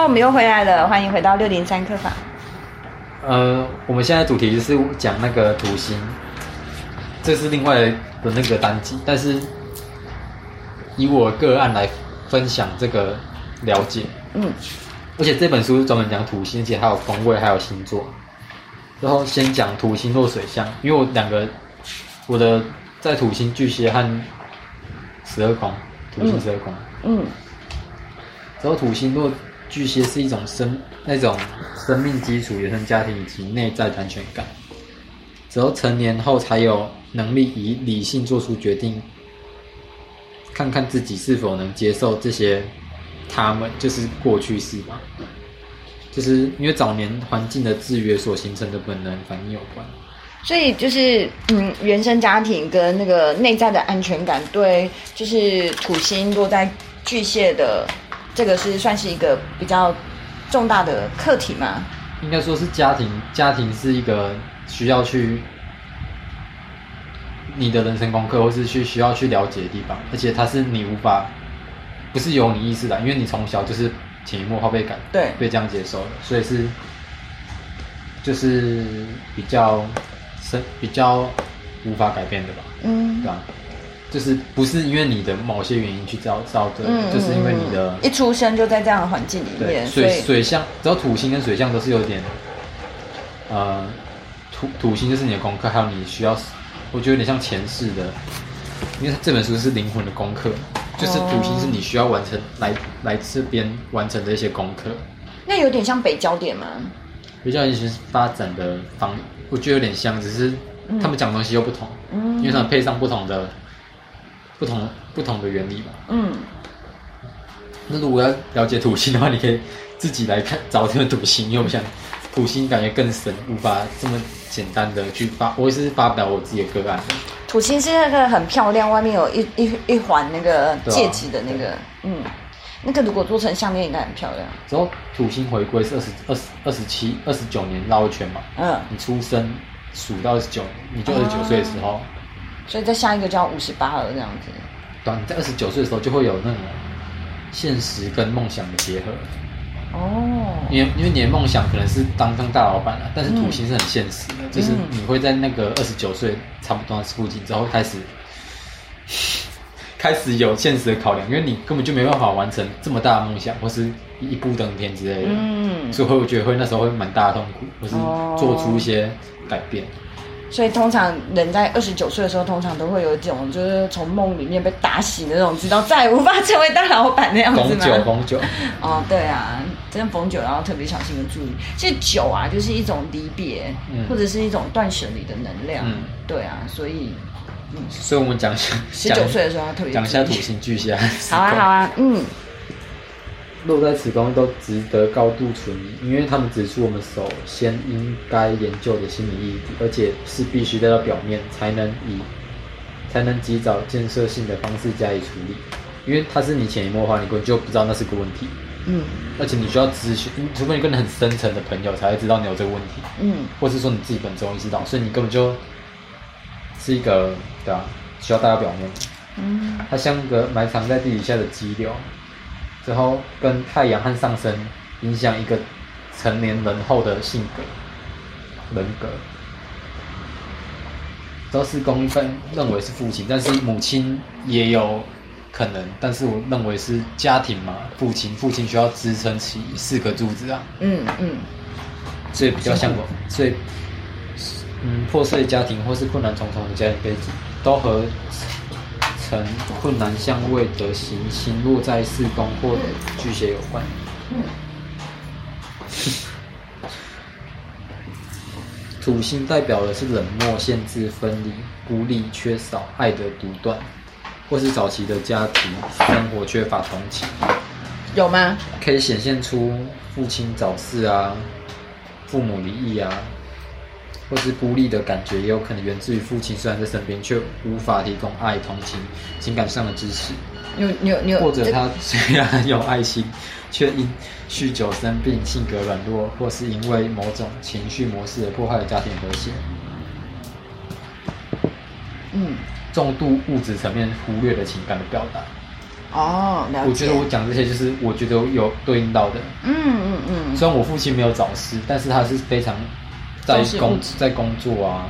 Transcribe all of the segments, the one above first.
啊、我們又回來了，歡迎回到六零三客房。呃，我們現在主題就是講那個土星，這是另外的那個單集，但是以我個案來分享這個了解。嗯，而且這本書專門講土星，而且還有方位，還有星座。然後先講土星落水象，因為我兩個，我的在土星巨蟹和十二宮，土星十二宮。嗯。嗯、然後土星落。巨蟹是一種生，那種生命基礎、原生家庭以及內在的安全感，只有成年後才有能力以理性做出決定，看看自己是否能接受這些。他們就是過去式吧，就是因為早年環境的制約所形成的本能反應有關。所以就是嗯，原生家庭跟那個內在的安全感對，就是土星落在巨蟹的。這個是算是一個比較重大的課題嘛？應該說是家庭，家庭是一個需要去你的人生功課，或是去需要去了解的地方。而且它是你無法，不是由你意識的，因為你從小就是潛移默化被改，對，被這樣接受了，所以是就是比較深，比較無法改變的吧？嗯，對吧？就是不是因為你的某些原因去造造的，就是因為你的、嗯、一出生就在這樣的環境裡面。水水象，只要土星跟水象都是有點，呃，土土星就是你的功課，還有你需要，我覺得有點像前世的，因為這本書是靈魂的功課，哦，就是土星是你需要完成來來這邊完成的一些功課。那有點像北交點嗎？北交點其實發展的方，我覺得有點像，只是他們講的東西又不同，嗯嗯，因為他們配上不同的。不同不同的原理吧。嗯，那如果要了解土星的話，你可以自己來看，找這個土星，因為我想土星感覺更神，無法這麼簡單的去發。我也是發表我自己的個案。土星是那個很漂亮，外面有一一一環那個戒指的那個，嗯，那個如果做成項鏈應該很漂亮。之後土星回歸是二十二十二十七二十九年繞一圈嘛。嗯，你出生數到二十九，你就二十九歲的時候。嗯所以在下一個就要五十八了。這樣子，對，你在二十九歲的時候就會有那種現實跟夢想的結合。哦、oh.，因為因為你的夢想可能是當當大老闆了，但是土星是很現實的、嗯，就是你會在那個二十九歲差不多是附近之後開始、嗯、 開始有現實的考量，因為你根本就沒辦法完成這麼大的夢想，或是一步登天之類的。嗯，所以會我覺得會那時候會蠻大的痛苦，或是做出一些改變。Oh. 所以通常人在二十九歲的時候，通常都會有一種就是從夢裡面被打醒的那種，知道再也無法成為大老板那樣子嘛。逢九逢九，哦，對啊，真的逢九，然後特別小心的注意。其實九啊，就是一種離別、嗯，或者是一種斷捨離的能量、嗯。對啊，所以，嗯、所以我們講十九歲的時候他特別講一下土星巨蟹、啊。好啊，好啊，嗯。落在此中都值得高度存疑，因為他們指出我們首先應該研究的心理意義，而且是必須帶到表面，才能以才能及早建設性的方式加以處理。因為它是你潛移默化，你根本就不知道那是個問題。嗯。而且你需要諮詢，嗯、除非你跟很深層的朋友才會知道你有這個問題。嗯。或是說你自己本身容易知道，所以你根本就是一個對吧、啊，需要帶到表面。嗯。它像個埋藏在地底下的肌瘤。然後跟太陽和上升影響一個成年人後的性格人格，都是公分認為是父親，但是母親也有可能，但是我認為是家庭嘛，父親父親需要支撐起四個柱子啊，嗯嗯，所以比較像我，所以嗯破碎家庭或是困難重重的家庭背景都和。成困難相位的行星落在四宮或者巨蟹有關。 土星代表的是冷漠、限制、分離、孤立、缺少愛的獨斷，或是早期的家庭生活缺乏同情。有嗎？可以顯現出父親早逝啊，父母離異啊。或是孤立的感覺，也有可能源自於父親雖然在身邊，卻無法提供愛、同情、情感上的支持。你有，你有，你有，或者他雖然很有愛心，卻因酗酒生病、性格軟弱，或是因為某種情緒模式而破壞了家庭和諧。嗯，重度物質層面忽略了情感的表達。哦，了解。我覺得我講這些就是我覺得有對應到的。嗯嗯嗯。雖然我父親沒有早逝，但是他是非常。在工在工作啊，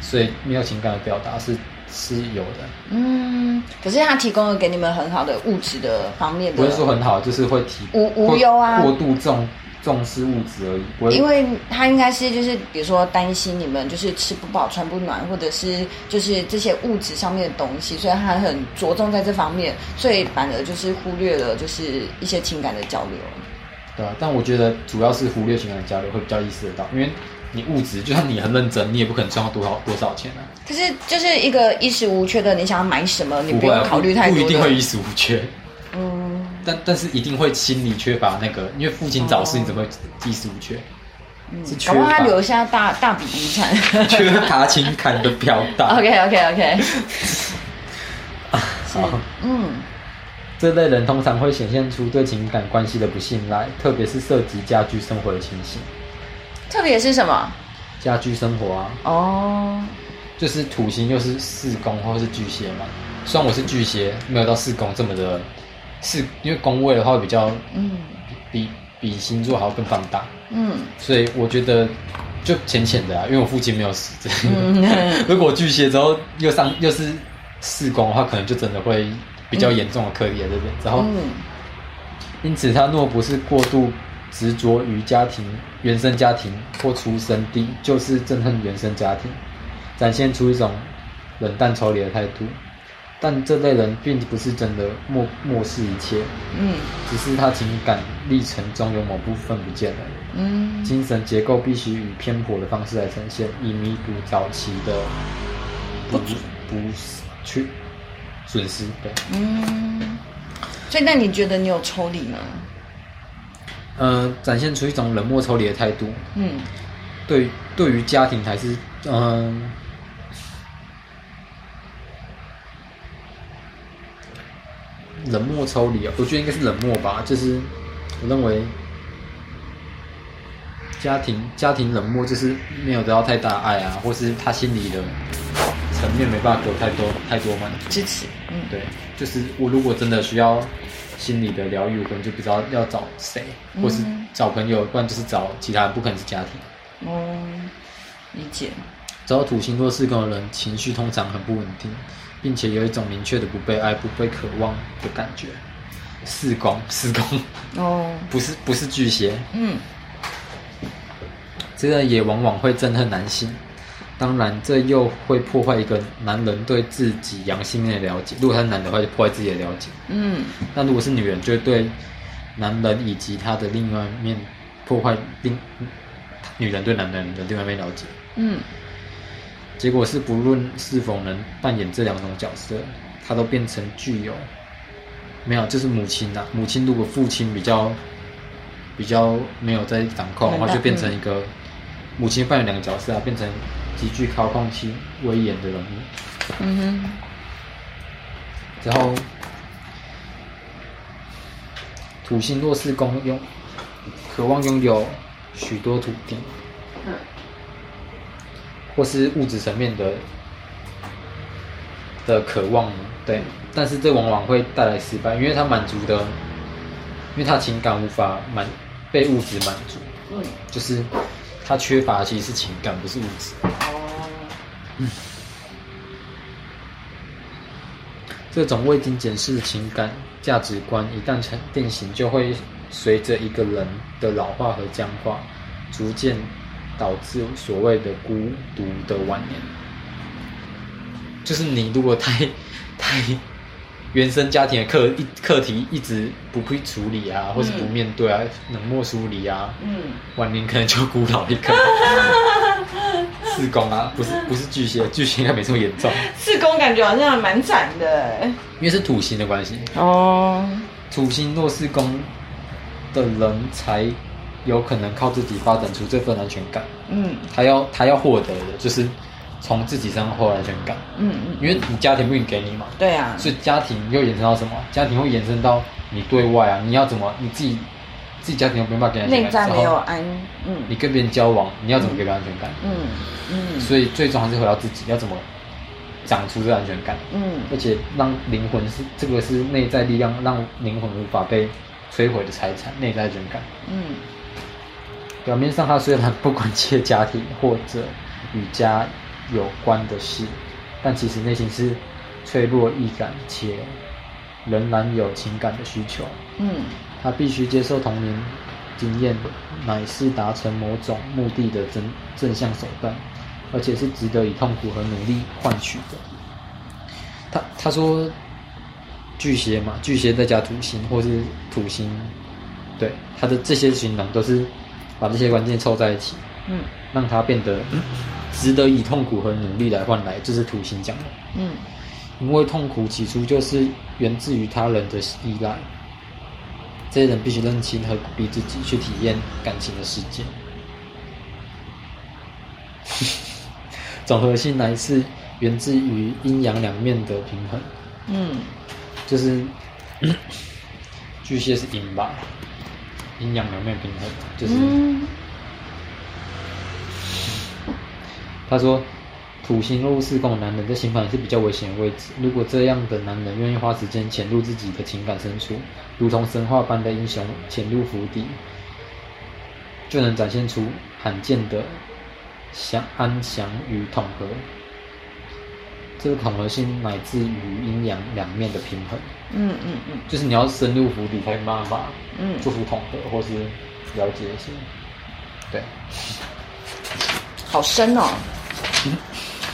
所以沒有情感的表達是是有的。嗯，可是他提供了給你們很好的物質的方面的，不是說很好，就是會提無無憂啊，過，過度重重視物質而已不會。因為他應該是就是比如說擔心你們就是吃不飽穿不暖，或者是就是這些物質上面的東西，所以他很着重在這方面，所以反而就是忽略了就是一些情感的交流。對啊，但我覺得主要是忽略情感的交流會比較意識得到，因為。你物質就算你很認真，你也不可能賺到多少多少錢啊！可是就是一個衣食無缺的，你想要買什麼，你不用、啊、考慮太多。不一定會衣食無缺，嗯，但但是一定會心裡缺乏那個，因為父親早逝，哦，你怎麼會衣食無缺？嗯，缺他留下大大筆遺產， 缺乏他情感的表達。 OK OK OK， 啊。嗯，這類人通常會顯現出對情感關係的不信賴，特別是涉及家居生活的情形。特別是什麼？家居生活啊！哦，就是土星又是四宮，或是巨蟹嘛。雖然我是巨蟹，沒有到四宮這麼的，是因為宮位的話比較，嗯，比比星座還要更放大。嗯，所以我覺得就淺淺的，啊，因為我父親沒有死。 如果巨蟹之後又上又是四宮的話，可能就真的會比較嚴重的課題啊，對不對？然後，因此他若不是過度執着於家庭。原生家庭或出生地，就是憎恨原生家庭，展現出一種冷淡抽離的態度，但這類人並不是真的漠漠視一切，嗯，只是他情感歷程中有某部分不見了，嗯，精神結構必須以偏頗的方式來呈現，以彌補早期的不不，不去損失的，嗯，所以那你覺得你有抽離嗎？嗯、呃，展現出一種冷漠抽離的態度。嗯，對，對於家庭還是嗯、呃，冷漠抽離啊、哦，我覺得應該是冷漠吧。就是我認為家庭家庭冷漠，就是沒有得到太大愛啊，或是他心裡的層面沒辦法給我太多太多滿足、支持，嗯，對，就是我如果真的需要。心理的療癒，可能就不知道要找誰，或是找朋友、嗯，不然就是找其他人，不可能是家庭。哦，理解。找到土星落四宮的人，情緒通常很不穩定，並且有一種明確的不被愛、不被渴望的感覺。四宮，四宮。哦， 不是，不是巨蟹。嗯，這個也往往會憎恨男性。當然，這又會破壞一個男人對自己陽性的了解。如果他是男的話，就破壞自己的了解。嗯，那如果是女人，就會對男人以及他的另外一面破壞，並女人對男人的另外一面了解。嗯，結果是不論是否能扮演這兩種角色，他都變成具有沒有，就是母親吶、啊。母親如果父親比較比較沒有在掌控的話就變成一個、嗯、母親扮演兩個角色啊，變成。極具操控性、威嚴的人物。嗯哼。然後，土星若是公用渴望擁有許多土地，嗯，或是物質層面的的渴望，對，但是這往往會帶來失敗，因為它滿足的，因為它情感無法滿被物質滿足，嗯，就是。他缺乏的其實是情感，不是物質。嗯，這種未經檢視的情感價值觀一旦成定型，就會隨着一個人的老化和僵化，逐漸導致所謂的孤獨的晚年。就是你如果太，太。原生家庭的課一課題一直不會處理啊，或者不面對啊，冷、嗯、漠疏離啊，嗯，晚年可能就孤老一個，四 宮 啊，不是不是巨蟹， 巨蟹應該沒這麼嚴重。四宮感覺好像還蠻慘的，因為是土星的關係哦、oh。土星落四宮的人才有可能靠自己發展出這份安全感，嗯，他要他要獲得的就是。從自己身上獲得安全感，嗯嗯，因為你家庭不能給你嘛，對啊，所以家庭又延伸到什麼？家庭會延伸到你對外啊，你要怎麼你自己、嗯、自己家庭又沒辦法給人安全感沒有安、嗯，然後你跟別人交往、嗯，你要怎麼給別人安全感？嗯嗯，所以最重要是回到自己，要怎麼長出這個安全感？嗯，而且讓靈魂是這個是內在力量，讓靈魂無法被摧毀的財產，內在安全感。嗯，表面上他雖然不管借家庭或者與家。有關的事，但其實內心是脆弱易感，且仍然有情感的需求。嗯，他必須接受童年經驗乃是達成某種目的的正正向手段，而且是值得以痛苦和努力換取的。他他說巨蟹嘛，巨蟹再加土星或是土星，對他的這些行囊都是把這些關鍵湊在一起，嗯，讓他變得嗯。值得以痛苦和努力來換來，這、就是土星講的。嗯，因為痛苦起初就是源自於他人的依賴，這些人必須認清和鼓勵自己去體驗感情的世界。嗯、 總核心來自源自於陰陽兩面的平衡。嗯，就是巨蟹是陰吧？陰陽兩面平衡，就是。嗯他說，土星入四宮男人在星盤也是比較危險的位置。如果這樣的男人願意花時間潛入自己的情感深處，如同神話般的英雄潛入府邸，就能展現出罕見的祥安詳與統合。這個統合性乃至於陰陽兩面的平衡。嗯嗯嗯。就是你要深入府邸才慢慢嗯祝福統合、嗯、或是了解一些對。 好深哦、嗯，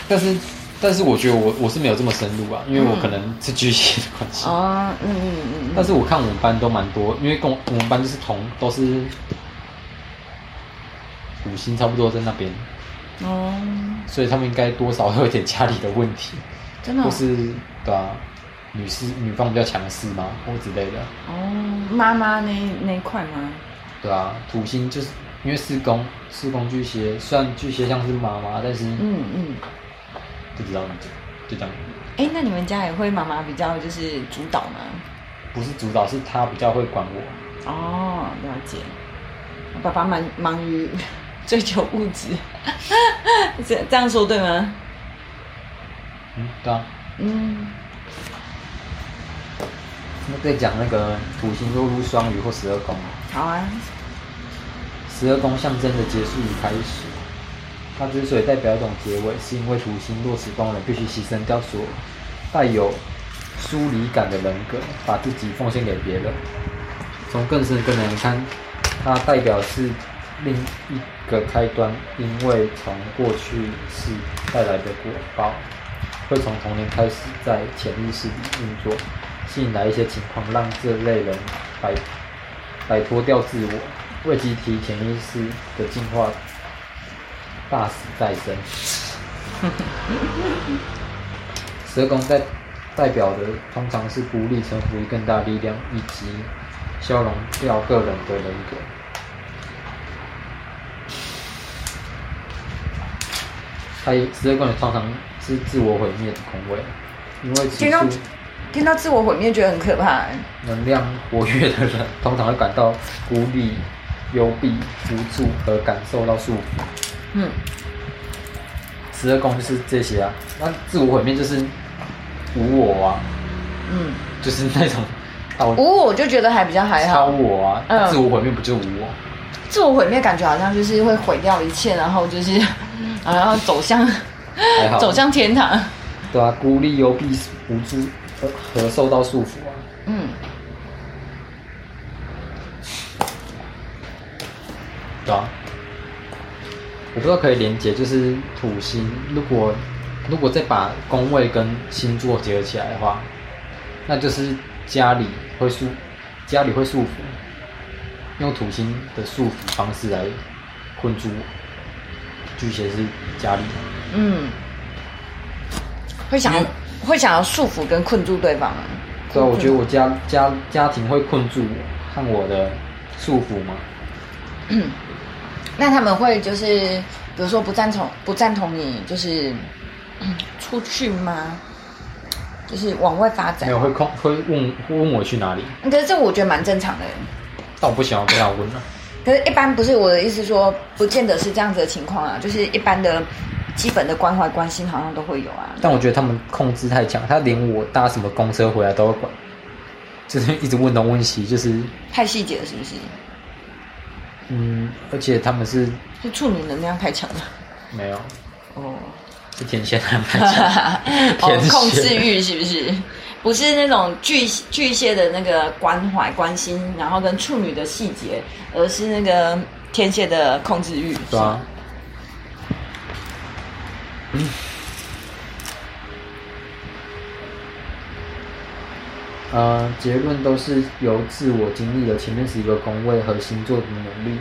但是，但是我覺得我我是沒有這麼深入啊，因為我可能是巨蟹的關係啊，嗯嗯嗯。但是我看我們班都蠻多，因為跟我我們班就是同都是土星差不多在那邊，哦，所以他們應該多少會有點家裡的問題，真的、哦，不是對吧、啊？女士女方比較強勢嘛，或之類的，哦，媽媽那那一塊嗎？對啊，土星就是。因為四宮，四宮巨蟹，雖然巨蟹像是媽媽，但是嗯嗯，不、嗯、知道你講，就這樣。哎、欸，那你們家也會媽媽比較就是主導嗎？不是主導，是她比較會管我。哦，了解。爸爸忙忙於追求物質，這 這樣說對嗎？嗯，對。啊。嗯。那再講那個土星落入雙魚或十二宮。好啊。十二宮象徵著結束與開始，它之所以代表一種結尾，是因為土星落十二宮人必須犧牲掉所帶有疏離感的人格，把自己奉獻給別人。從更深更難看，它代表是另一個開端，因為從過去世帶來的果報，會從童年開始在潛意識裡運作，吸引來一些情況，讓這類人擺擺脫掉自我。未及提潛意識的進化，大死再生。 十二宮代，代表的通常是孤立、臣服於更大力量，以及消融掉個人的人格。它十二宮通常是自我毀滅的空位，因為聽到自我毀滅，覺得很可怕。能量活躍的人通常會感到孤立。幽閉無助和感受到束縛。嗯，十二宮就是這些啊。那自我毀滅就是無我啊。嗯，就是那種，無我就覺得還比較還好。超我啊，嗯、自我毀滅不就無我？自我毀滅感覺好像就是會毀掉一切，然後就是，然後走向走向天堂。對啊，孤立幽閉無助和和受到束縛啊。嗯。我不知道可以連接，就是土星。如果如果再把宮位跟星座結合起來的話，那就是家裡會束，家裡會束縛，用土星的束縛方式來困住巨蟹是家裡。嗯，會想要、嗯、會想要束縛跟困住對方。對，我覺得我家家家庭會困住我和我的束縛嘛。嗯那他們會就是，比如說不贊同不贊同你就是、嗯、出去嗎？就是往外發展？沒有會控會問會問我去哪裡、嗯？可是這我覺得蠻正常的。但我不喜歡被他問啊。可是，一般不是我的意思說，不見得是這樣子的情況啊。就是一般的基本的關懷關心，好像都會有啊。但我覺得他們控制太強，他連我搭什麼公車回來都會管，就是一直問東問西，就是太細節了，是不是？嗯，而且他們是，就處女能量太強了，沒有，哦，是天蠍還蠻強哈哈哈哈。哦，控制欲是不是？不是那種巨巨蟹的那個關懷關心，然後跟處女的細節，而是那個天蠍的控制欲，是嗎？對啊，嗯。呃，結論都是由自我經歷的。前面是一個宮位和星座的努力，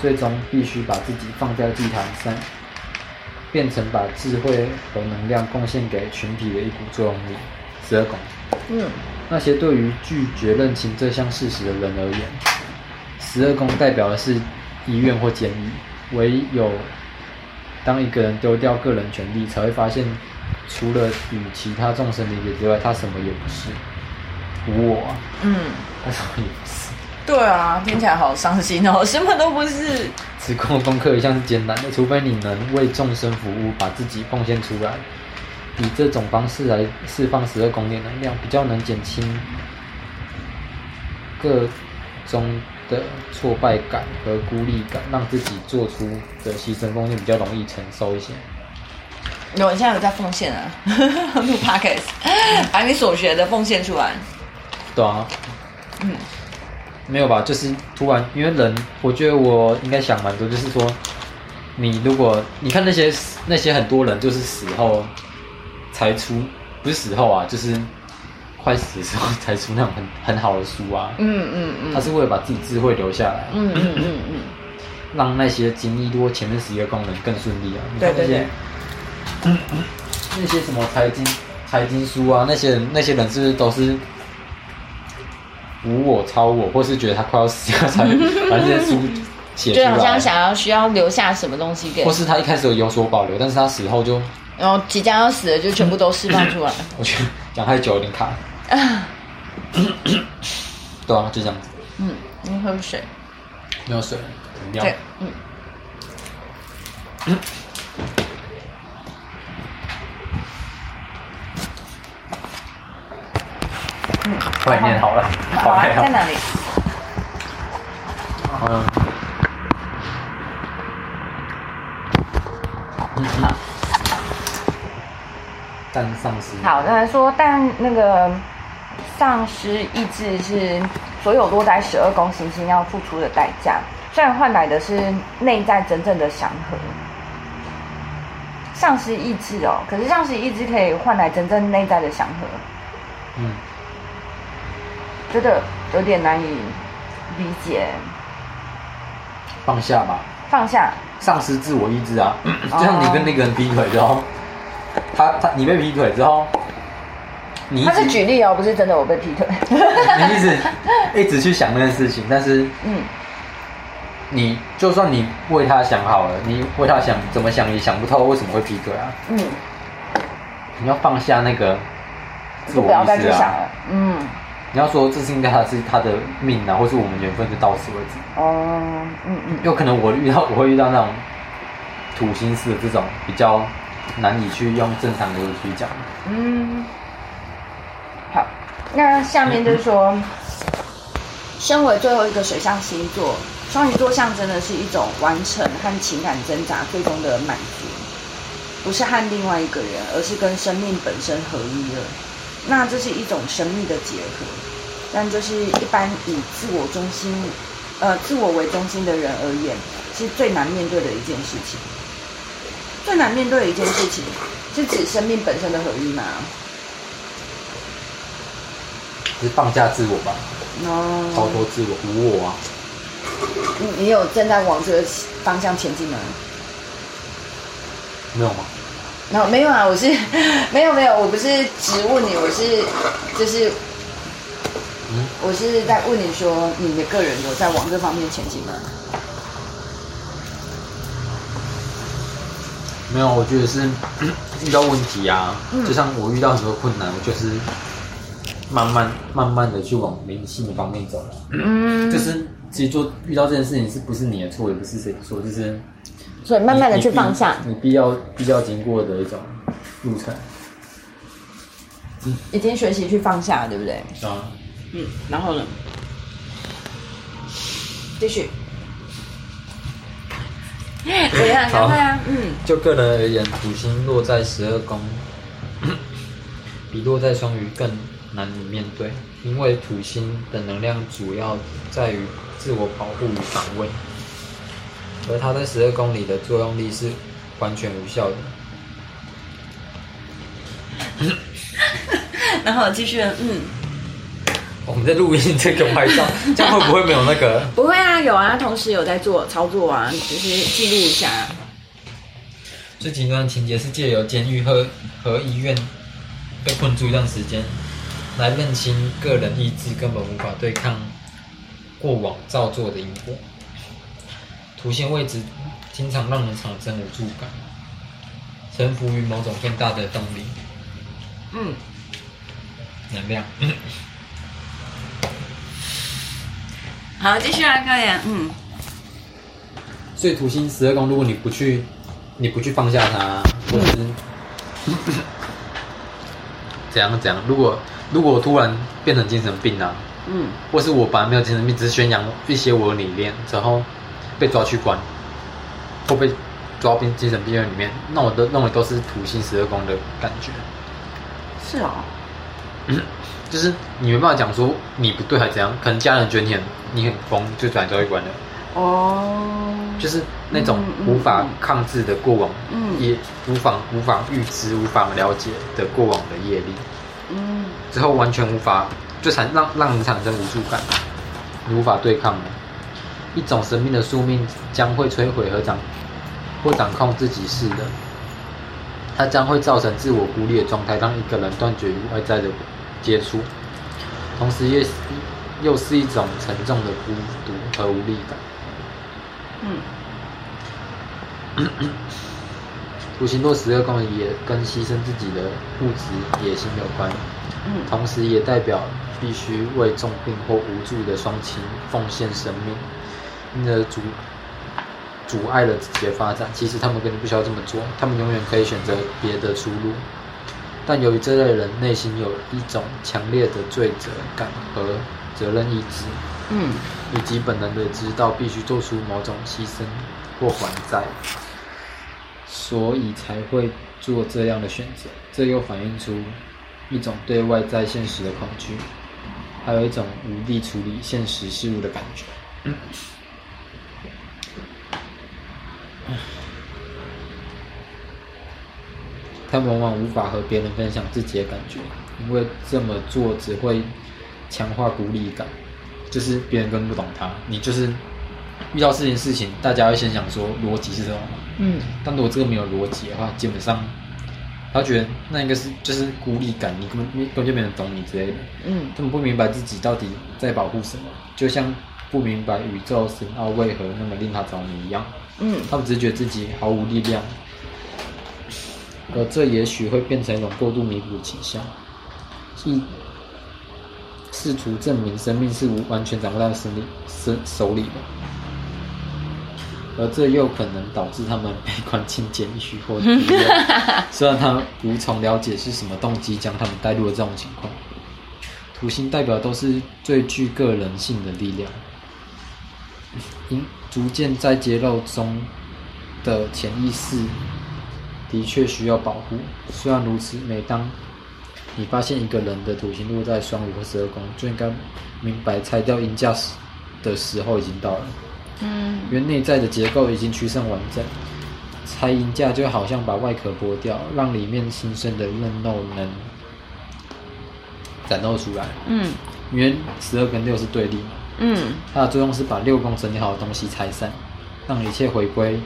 最終必須把自己放在祭壇上，變成把智慧和能量貢獻給群體的一股作用力。十二宮。嗯。那些對於拒絕認清這項事實的人而言，十二宮代表的是醫院或監獄。唯有當一個人丟掉個人權利，才會發現，除了與其他眾生理解之外，他什麼也不是。無我，嗯，他說也不是，對啊，聽起來好傷心哦，什麼都不是。只靠功課一向是艱難的，除非你能為眾生服務，把自己奉獻出來，以這種方式來釋放十二宮殿能量，比較能減輕各中的挫敗感和孤立感，讓自己做出的犧牲貢獻比較容易承受一些。有，現在有在奉獻啊？錄 podcast、嗯、把你所學的奉獻出來。對啊，嗯，沒有吧？就是突然，因為人，我覺得我應該想蠻多。就是說，你如果你看那些那些很多人，就是死後才出，不是死後啊，就是快死的時候才出那種很很好的書啊。嗯嗯嗯，他是為了把自己智慧留下來，嗯嗯嗯嗯，嗯，讓那些經歷多前面十一個功能更順利啊。對，你看那些，嗯嗯，那些什麼財經財經書啊，那些人那些人是不是都是？無我、超我，或是覺得他快要死了，才把這些書寫出來 就好像想要需要留下什麼東西給，或是他一開始有有所保留，但是他死後就，然、哦、後即將要死了，就全部都釋放出來。 我覺得講太久有點卡。啊 ，對啊，就這樣子。嗯，你喝水。沒有水。對，嗯。嗯觀念好了，好，好，好，好，好，好在哪裡？好，嗯。好、嗯。哈、嗯嗯。但喪失。好，剛才說，但那個喪失意志是所有落在十二宮星星要付出的代價，雖然換來的是內在真正的祥和。喪失意志哦，可是喪失意志可以換來真正內在的祥和。嗯。真的有點難以理解。放下吧。放下。喪失自我意志啊！哦、就像你跟那個人劈腿之後，他他你被劈腿之後，你一直他是舉例哦，不是真的我被劈腿。 你一直一直去想那件事情，但是嗯，你就算你為他想好了，你為他想怎麼想也想不透為什麼會劈腿啊。嗯，你要放下那個自我意志啊。嗯。你要說這是應該，是他的命吶、啊，或是我們緣分，就到此為止。哦，嗯嗯。有可能我遇到，我會遇到那種土星式的這種比較難以去用正常邏輯去講的。嗯，好，那下面就是說、嗯嗯，身為最後一個水象星座，雙魚座象徵的是一種完成和情感掙扎最終的滿足，不是和另外一個人，而是跟生命本身合一了。那這是一種神秘的結合，但就是一般以自我中心，呃，自我為中心的人而言，是最難面對的一件事情。最難面對的一件事情，是指生命本身的合一嗎？是放下自我吧，哦，超脫自我，無我啊你。你有正在往這個方向前進嗎？沒有嗎？然沒有啊，我是沒有沒有，我不是只問你，我是就是，嗯，我是在問你說，你的個人有在往這方面前進嗎？沒有，我覺得是、嗯、遇到問題啊、嗯，就像我遇到很多困難，我就是慢慢慢慢的去往靈性的方面走了、啊，嗯，就是其實做遇到這件事情，是不是你的錯，也不是誰的錯，就是。所以慢慢的去放下，你，你，必，你必要必要經過的一種路程，已、嗯、經學習去放下，對不對？啊。嗯，然後呢？繼續。對、嗯、啊，趕快啊！嗯。就個人而言，土星落在十二宮，比落在雙魚更難以面對，因為土星的能量主要在於自我保護與防衛。而它的十二公里的作用力是完全無效的 。然後繼續，嗯、哦，我們在錄音，這個拍照， 這樣不會不會沒有那個？不會啊，有啊，同時有在做操作啊，就是記錄一下、啊。最緊張的情節是借由監獄和和醫院被困住一段時間，來認清個人意志根本無法對抗過往造作的因果。土星位置經常讓人產生無助感，臣服於某種更大的動力。嗯，能量。好，繼續來各位，嗯，所以土星十二宮，如果你不去，你不去放下它，或者是、嗯、怎樣怎樣，如果如果我突然變成精神病呢、啊？嗯，或是我本來沒有精神病，只是宣揚一些我的理念之後。被抓去關，或被抓進精神病院裡面。那我都，那我都是土星十二宮的感覺。是啊，哦嗯，就是你沒辦法講說你不對還怎樣，可能家人覺得你很你很瘋，就轉交去關了。哦，就是那種無法抗拒的過往，嗯嗯嗯，也無法無法預知，無法了解的過往的業力。嗯，之後完全無法，就產讓讓你產生無助感，你無法對抗。一種生命的宿命將會摧毀和掌或掌控自己似的，它將會造成自我孤立的狀態，讓一個人斷絕與外在的接觸，同時也是又是一種沉重的孤獨和無力感。嗯，土星落十二宮也跟犧牲自己的物質野心有關，嗯，同時也代表必須為重病或無助的雙親奉獻生命。的阻阻礙了自己的發展。其實他們根本不需要這麼做，他們永遠可以選擇別的出路。但由於這類人內心有一種強烈的罪責感和責任意志，嗯，以及本能的知道必須做出某種犧牲或還債，所以才會做這樣的選擇。這又反映出一種對外在現實的恐懼，還有一種無力處理現實事物的感覺。他往往無法和別人分享自己的感覺，因為這麼做只會強化孤立感，就是別人根本不懂他。你就是遇到這件事情，大家會先想說邏輯是什麼。嗯。但如果這個沒有邏輯的話，基本上他覺得那應該是就是孤立感，嗯，你根本你根本就沒人懂你之類的。嗯。他們不明白自己到底在保護什麼，就像不明白宇宙神奧為何那麼令他着迷一樣。嗯。他們只覺得自己毫無力量。而這也許會變成一種過度彌補的傾向，一、嗯、試圖證明生命是無完全掌握在生命手裡的，而這又可能導致他們被關進監獄或。 雖然他們無從了解是什麼動機將他們帶入了這種情況，土星代表的都是最具個人性的力量，因、嗯、逐漸在揭露中的潛意識。的確需要保護。雖然如此，每當你發現一個人的土星落在雙魚和十二宮，就應該明白拆掉鷹架時的時候已經到了。嗯，因為內在的結構已經趨向完整，拆鷹架就好像把外殼剝掉，讓裡面新生的嫩肉能展露出來。嗯，因為十二跟六是對立嗯，它的作用是把六宮整理好的東西拆散，讓一切回歸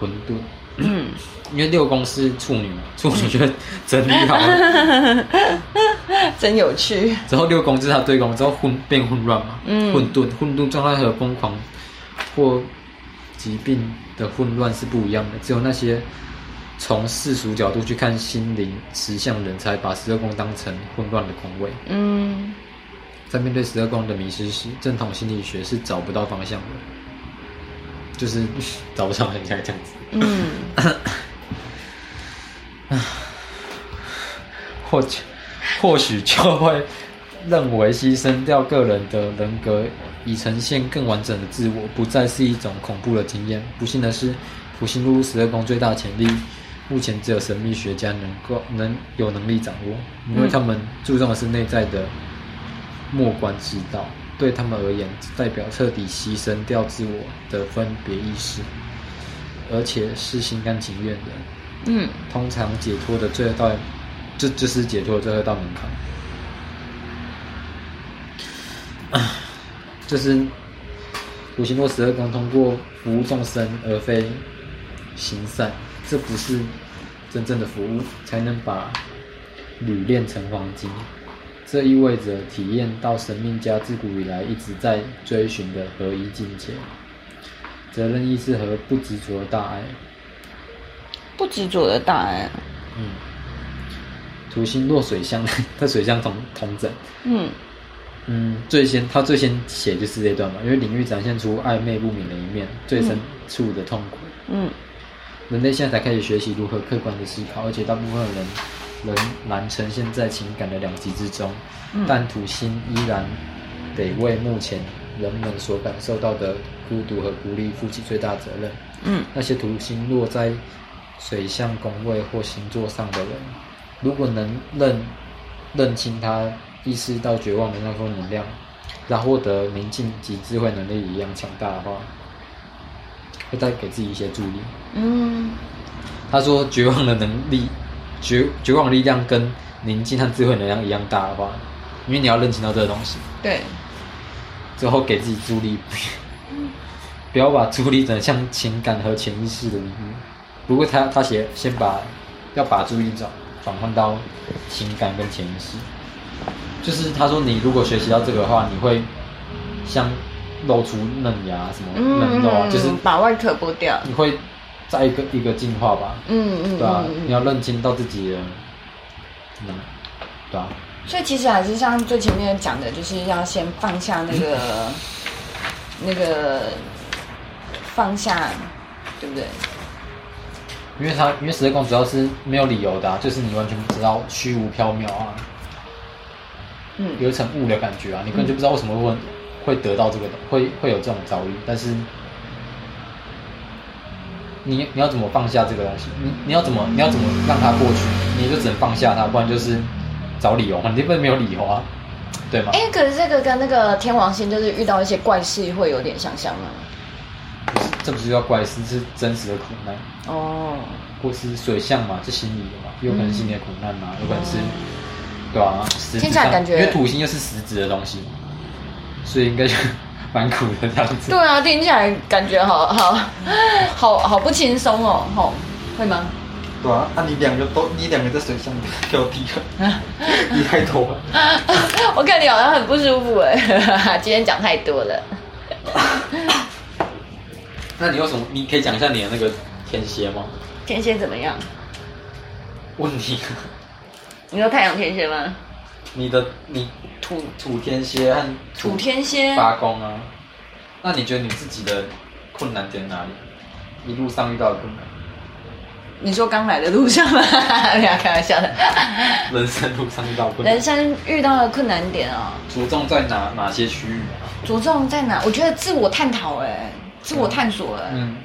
混沌。嗯，因為六宮是處女嘛，處女覺得真好，啊， 真有趣。之後六宮就是他對宮，之後混變混亂嘛，嗯，混沌、混沌狀態和瘋狂或疾病的混亂是不一樣的。只有那些從世俗角度去看心靈實相人，才把十二宮當成混亂的空位。嗯，在面對十二宮的迷失時，正統心理學是找不到方向的。就是找不着人家這樣子。嗯。啊， 或許，或許就會認為犧牲掉個人的人格，以呈現更完整的自我，不再是一種恐怖的經驗。不幸的是，普希烏十二宮最大潛力，目前只有神秘學家能夠能有能力掌握，因為他們注重的是內在的默觀之道。嗯 對他們而言，代表徹底犧牲掉自我的分別意識，而且是心甘情願的。嗯，通常解脫的最後道，道，就就是解脫的最後一道門檻。就是古行諾十二宮，通過服務眾生而非行善，這不是真正的服務，才能把鉛煉成黃金。這意味着體驗到神命家自古以來一直在追尋的合一境界，責任意識和不執着的大愛，不執着的大愛。嗯，土星落水象在水象同同枕。嗯嗯，最先他最先寫就是這段嘛，因為領域展現出曖昧不明的一面，最深處的痛苦。嗯，人類現在才開始學習如何客觀的思考，而且大部分的人。仍然呈現在情感的兩極之中。嗯，但土星依然得為目前人們所感受到的孤獨和孤立負起最大責任。嗯。那些土星落在水象宮位或星座上的人，如果能認認清他意識到絕望的那份能量，然後獲得寧靜及智慧能力一樣強大的話，會再給自己一些助力。嗯。他說絕望的能力，絕絕望力量跟寧靜和智慧能量一樣大的話，因為你要認清到這個東西。對，最後給自己助力，不要、嗯、不要把助力轉向情感和潛意識的領域。不過他他寫，先把要把助力轉轉換到情感跟潛意識，就是他說你如果學習到這個的話，你會像露出嫩芽什麼，嗯、嫩芽、啊、就是把外殼剝掉，你會。再一個一個進化吧，嗯嗯，對啊、嗯，你要認清到自己了，嗯，對啊。所以其實還是像最前面講的，就是要先放下那個，嗯、那個放下，對不對？因為他，因為十二宮主要是沒有理由的、啊，就是你完全不知道虛無縹緲啊，嗯，有一層霧的感覺啊，你根本就不知道為什麼會、嗯、會得到這個，會會有這種遭遇，但是。你你要怎麼放下這個東西？你你要怎麼你要怎麼讓它過去？你就只能放下它，不然就是找理由嘛。你就不能沒有理由啊，對嗎？哎、欸，可是這個跟那個天王星就是遇到一些怪事會有點相像啊。這不是叫怪事，是真實的苦難。哦。或是水象嘛，是心理的嘛，有可能是心理的苦難嘛，嗯、有可能是的、哦，對吧、啊？聽起來感覺因為土星又是實質的東西嘛，所以應該。 蠻苦的樣子。對啊，聽起來感覺好好好好不輕鬆哦，好會嗎？對啊，那、啊、你兩個都你兩個在水象掉地了，你太多了、啊。我看你好像很不舒服哎，今天講太多了。那你有什麼？你可以講一下你的那個天蠍嗎？天蠍怎麼樣？問題？你有太陽天蠍嗎？你的你土土天蠍和土，土天蠍發啊，那你覺得你自己的困難點哪裡？你路上遇到的困難？你說剛來的路上嗎？哈哈，你要開玩笑的。人生路上遇到困難，人生遇到的困難點啊、喔，着重在哪哪些區域啊？着重在哪？我覺得自我探討，哎，自我探索哎、欸嗯嗯。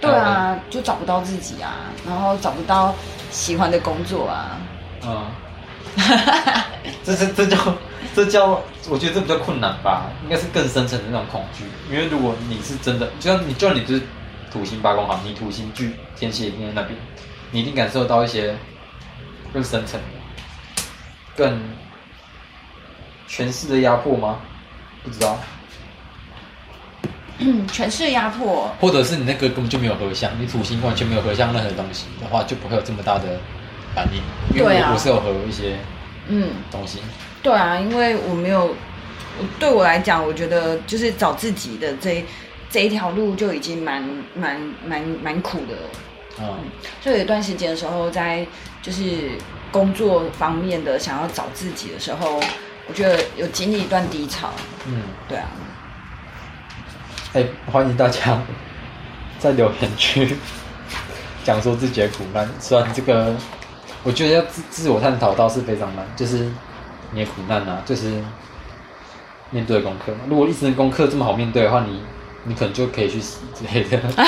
對啊、嗯，就找不到自己啊，然後找不到喜歡的工作啊。啊、嗯。 這是這叫這叫，我覺得這比較困難吧，應該是更深層的那種恐懼。因為如果你是真的，就像你，就像你是土星八宮好，你土星巨天蠍一定在那邊，你一定感受到一些更深層、更權勢的壓迫嗎？不知道。嗯，權勢的壓迫，或者是你那個根本就沒有合相，你土星完全沒有合相任何東西的話，就不會有這麼大的反應。因為我、對啊、我是有合有一些。嗯，東西。對啊，因為我沒有，對我來講，我覺得就是找自己的這這一條路就已經蠻蠻蠻蠻苦的了，嗯。嗯，所以有一段時間的時候，在就是工作方面的想要找自己的時候，我覺得有經歷一段低潮。嗯，對啊。哎、欸，歡迎大家在留言區講說自己的苦難，雖然這個。我覺得要自自我探討，倒是非常難，就是你也苦難啊，就是面對的功課嘛。如果一直的功課這麼好面對的話，你你可能就可以去死之類的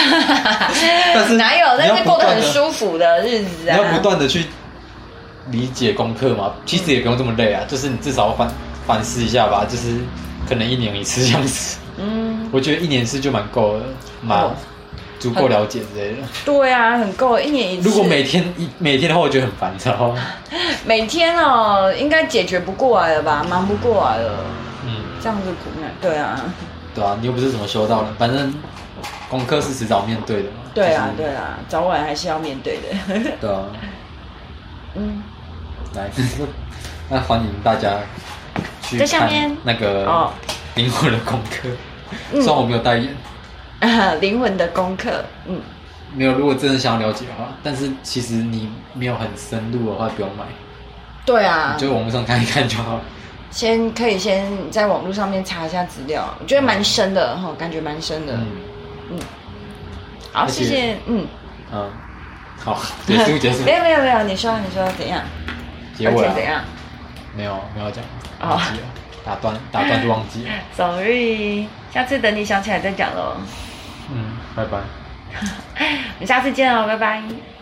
哪有？那是過得很舒服的日子啊。你要不斷的，的去理解功課嘛，其實也不用這麼累啊，就是你至少反反思一下吧，就是可能一年一次這樣子。嗯，我覺得一年一次就蠻夠了，蠻。嗯足夠了解之類的。對啊，很夠，一年一次。如果每天一每天的話，我覺得很煩躁。每天哦，應該解決不過來了吧，嗯，忙不過來了。嗯，這樣子苦難。對啊。對啊，你又不是怎麼修到的，反正功課是遲早面對的嘛，對，啊就是。對啊，對啊，早晚還是要面對的。 對啊。嗯。來呵呵，那歡迎大家去看在下面那個《靈、哦、魂的功課》嗯，雖然我沒有代言啊、呃，靈魂的功課，嗯，沒有。如果真的想要了解的話，但是其實你沒有很深入的話，不用買。對啊，你就網絡上看一看就好了。先可以先在網絡上面查一下資料，我覺得蠻深的哈、哦哦，感覺蠻深的。嗯，嗯好，謝謝。嗯嗯，好，結束 結束。沒有沒有沒有，你說你說怎樣？結尾怎樣？沒有沒有講，忘記了，打斷打斷就忘記了。 Sorry，下次等你想起來再講嘍。嗯拜拜， 我們下次見哦，拜拜。